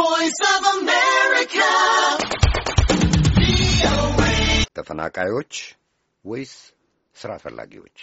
voice of America. ተፈናቃዮች ወይስ ስራ ፈላጊዎች?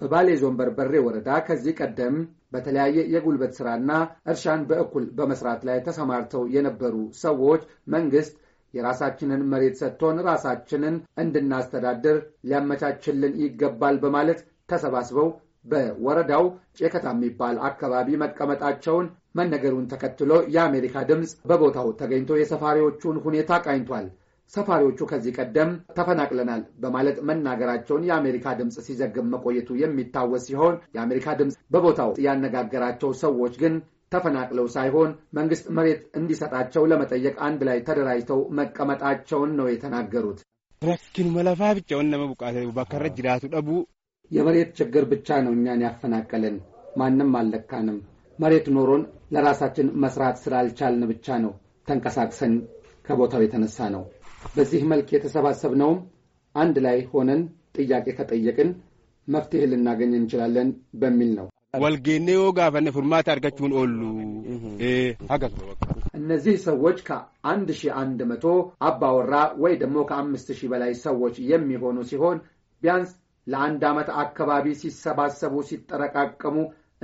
በባሌ ዞን በርበሬ ወረዳ ከዚህ ቀደም በተለያየ የጉልበት ስራና እርሻን በእኩል በመስራት ላይ ተሰማርተው የነበሩ ሰዎች መንግስት የራሳችንን መሬት ሰጥቶን ራሳችንን እንድናስተዳድር ሊያመቻችልን ይገባል በማለት ተሰባስበው በወረዳው ጨከታ የሚባል አካባቢ መቀመጣቸውን መነገሩን ተከትሎ የአሜሪካ ድምፅ በቦታው ተገኝቶ የሰፋሪዎቹን ሁኔታ ቃኝቷል። ሰፋሪዎቹ ከዚህ ቀደም ተፈናቅለናል በማለት መናገራቸውን የአሜሪካ ድምፅ ሲዘግብ መቆየቱ የሚታወስ ሲሆን የአሜሪካ ድምፅ በቦታው ያነጋገራቸው ሰዎች ግን ተፈናቅለው ሳይሆን መንግስት መሬት እንዲሰጣቸው ለመጠየቅ አንድ ላይ ተደራጅተው መቀመጣቸውን ነው የተናገሩት። ረኪኑ መለፋ ብቻውን ነመ ቡቃ ባከረ ጅራቱ ደቡ የመሬት ችግር ብቻ ነው እኛን ያፈናቀልን። ማንም አልለካንም። መሬት ኖሮን ለራሳችን መስራት ስላልቻልን ብቻ ነው ተንቀሳቅሰን ከቦታው የተነሳ ነው። በዚህ መልክ የተሰባሰብነውም አንድ ላይ ሆነን ጥያቄ ከጠየቅን መፍትሄ ልናገኝ እንችላለን በሚል ነው። ወልጌኔዮ ጋፈነ ፉርማት አርገችሁን ኦሉ እነዚህ ሰዎች ከአንድ ሺህ አንድ መቶ አባወራ ወይ ደግሞ ከአምስት ሺህ በላይ ሰዎች የሚሆኑ ሲሆን ቢያንስ ለአንድ ዓመት አካባቢ ሲሰባሰቡ ሲጠረቃቀሙ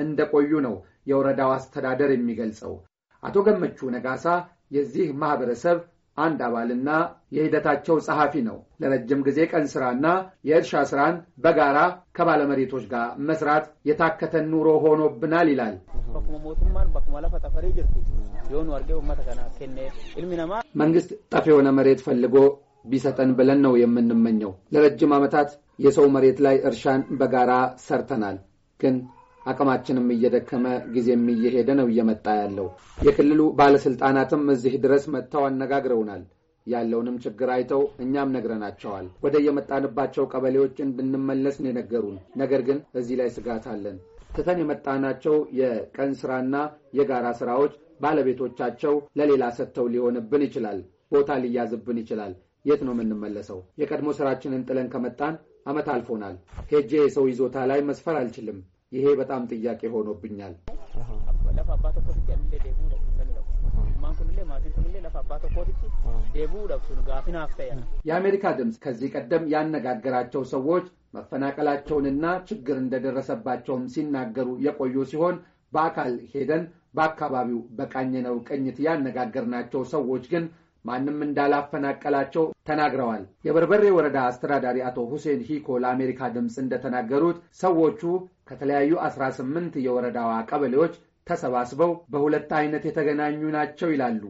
እንደቆዩ ነው የወረዳው አስተዳደር የሚገልጸው። አቶ ገመቹ ነጋሳ የዚህ ማኅበረሰብ አንድ አባልና የሂደታቸው ጸሐፊ ነው። ለረጅም ጊዜ ቀን ሥራና የእርሻ ሥራን በጋራ ከባለመሬቶች ጋር መስራት የታከተን ኑሮ ሆኖብናል ይላል። መንግሥት ጠፍ የሆነ መሬት ፈልጎ ቢሰጠን ብለን ነው የምንመኘው። ለረጅም ዓመታት የሰው መሬት ላይ እርሻን በጋራ ሰርተናል። ግን አቅማችንም እየደከመ ጊዜም እየሄደ ነው እየመጣ ያለው። የክልሉ ባለሥልጣናትም እዚህ ድረስ መጥተው አነጋግረውናል። ያለውንም ችግር አይተው እኛም ነግረናቸዋል። ወደ የመጣንባቸው ቀበሌዎች እንድንመለስ ነው የነገሩን። ነገር ግን እዚህ ላይ ስጋት አለን። ትተን የመጣናቸው የቀን ሥራና የጋራ ሥራዎች ባለቤቶቻቸው ለሌላ ሰጥተው ሊሆንብን ይችላል። ቦታ ሊያዝብን ይችላል። የት ነው የምንመለሰው? የቀድሞ ስራችንን ጥለን ከመጣን አመት አልፎናል። ሄጄ የሰው ይዞታ ላይ መስፈር አልችልም። ይሄ በጣም ጥያቄ ሆኖብኛል። የአሜሪካ ድምፅ ከዚህ ቀደም ያነጋገራቸው ሰዎች መፈናቀላቸውንና ችግር እንደደረሰባቸውም ሲናገሩ የቆዩ ሲሆን በአካል ሄደን በአካባቢው በቃኘነው ቅኝት ያነጋገርናቸው ሰዎች ግን ማንም እንዳላፈናቀላቸው ተናግረዋል። የበርበሬ ወረዳ አስተዳዳሪ አቶ ሁሴን ሂኮ ለአሜሪካ ድምፅ እንደተናገሩት ሰዎቹ ከተለያዩ 18 የወረዳዋ ቀበሌዎች ተሰባስበው በሁለት አይነት የተገናኙ ናቸው ይላሉ።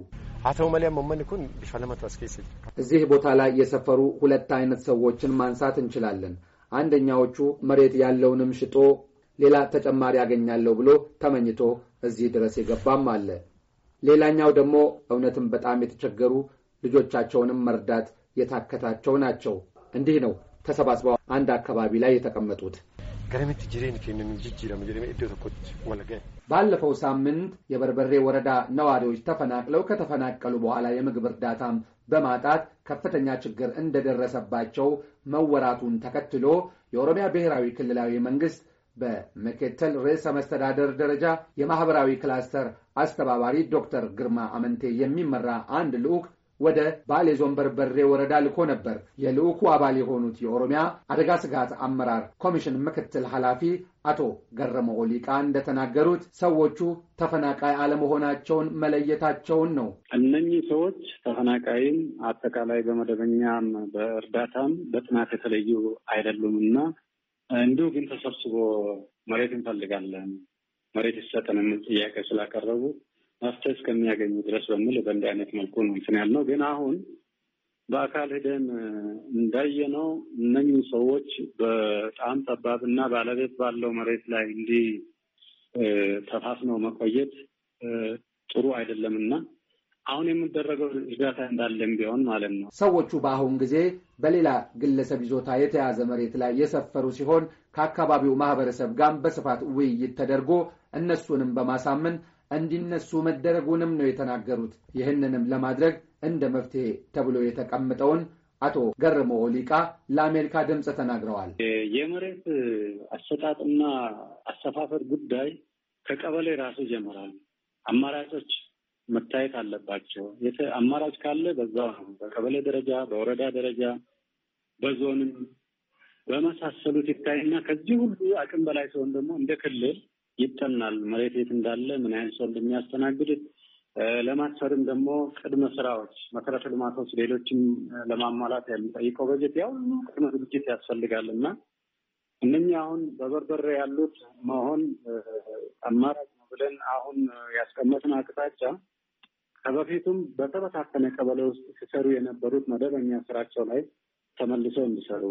እዚህ ቦታ ላይ የሰፈሩ ሁለት አይነት ሰዎችን ማንሳት እንችላለን። አንደኛዎቹ መሬት ያለውንም ሽጦ ሌላ ተጨማሪ ያገኛለሁ ብሎ ተመኝቶ እዚህ ድረስ የገባም አለ። ሌላኛው ደግሞ እውነትም በጣም የተቸገሩ ልጆቻቸውንም መርዳት የታከታቸው ናቸው። እንዲህ ነው ተሰባስበው አንድ አካባቢ ላይ የተቀመጡት። ባለፈው ሳምንት የበርበሬ ወረዳ ነዋሪዎች ተፈናቅለው ከተፈናቀሉ በኋላ የምግብ እርዳታም በማጣት ከፍተኛ ችግር እንደደረሰባቸው መወራቱን ተከትሎ የኦሮሚያ ብሔራዊ ክልላዊ መንግስት በመከተል ርዕሰ መስተዳደር ደረጃ የማኅበራዊ ክላስተር አስተባባሪ ዶክተር ግርማ አመንቴ የሚመራ አንድ ልዑክ ወደ ባሌ ዞን በርበሬ ወረዳ ልኮ ነበር። የልዑኩ አባል የሆኑት የኦሮሚያ አደጋ ስጋት አመራር ኮሚሽን ምክትል ኃላፊ አቶ ገረመው ኦሊቃ እንደተናገሩት ሰዎቹ ተፈናቃይ አለመሆናቸውን መለየታቸውን ነው። እነኚህ ሰዎች ተፈናቃይም አጠቃላይ በመደበኛም በእርዳታም በጥናት የተለዩ አይደሉም እና እንዲሁ ግን ተሰብስቦ መሬት እንፈልጋለን መሬት ይሰጠን የሚል ጥያቄ ስላቀረቡ መፍትሄ እስከሚያገኙ ድረስ በሚል በእንዲህ አይነት መልኩ ነው እንትን ያልነው። ግን አሁን በአካል ሂደን እንዳየነው እነኝህ ሰዎች በጣም ጠባብና ባለቤት ባለው መሬት ላይ እንዲህ ተፋፍነው መቆየት ጥሩ አይደለምና አሁን የምደረገው እርዳታ እንዳለም ቢሆን ማለት ነው። ሰዎቹ በአሁን ጊዜ በሌላ ግለሰብ ይዞታ የተያዘ መሬት ላይ የሰፈሩ ሲሆን ከአካባቢው ማህበረሰብ ጋር በስፋት ውይይት ተደርጎ እነሱንም በማሳመን እንዲነሱ መደረጉንም ነው የተናገሩት። ይህንንም ለማድረግ እንደ መፍትሄ ተብሎ የተቀመጠውን አቶ ገርሞ ኦሊቃ ለአሜሪካ ድምፅ ተናግረዋል። የመሬት አሰጣጥና አሰፋፈር ጉዳይ ከቀበሌ ራሱ ይጀምራል። አማራጮች መታየት አለባቸው። አማራጭ ካለ በዛ ነው በቀበሌ ደረጃ፣ በወረዳ ደረጃ፣ በዞንም በመሳሰሉት ይታይና ከዚህ ሁሉ አቅም በላይ ሰውን ደግሞ እንደ ክልል ይጠናል። መሬት የት እንዳለ ምን አይነት ሰው እንደሚያስተናግድ ለማሰርም ደግሞ ቅድመ ስራዎች፣ መሰረተ ልማቶች፣ ሌሎችም ለማሟላት የሚጠይቀው በጀት ያው ቅድመ ዝግጅት ያስፈልጋል እና እነኛ አሁን በበርበረ ያሉት መሆን አማራጭ ነው ብለን አሁን ያስቀመጥን አቅጣጫ ከበፊቱም በተበታተነ ቀበሌ ውስጥ ሲሰሩ የነበሩት መደበኛ ስራቸው ላይ ተመልሰው እንዲሰሩ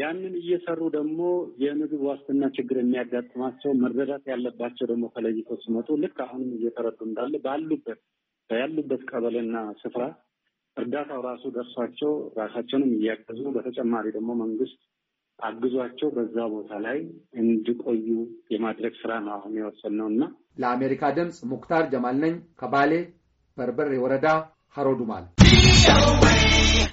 ያንን እየሰሩ ደግሞ የምግብ ዋስትና ችግር የሚያጋጥማቸው መረዳት ያለባቸው ደግሞ ከለይቶ ሲመጡ ልክ አሁንም እየተረዱ እንዳለ ባሉበት ያሉበት ቀበሌና ስፍራ እርዳታው ራሱ ደርሷቸው ራሳቸውንም እያገዙ በተጨማሪ ደግሞ መንግስት አግዟቸው በዛ ቦታ ላይ እንዲቆዩ የማድረግ ስራ ነው አሁን የወሰን ነው እና ለአሜሪካ ድምፅ ሙክታር ጀማል ነኝ ከባሌ በርበሬ ወረዳ ሀሮዱማል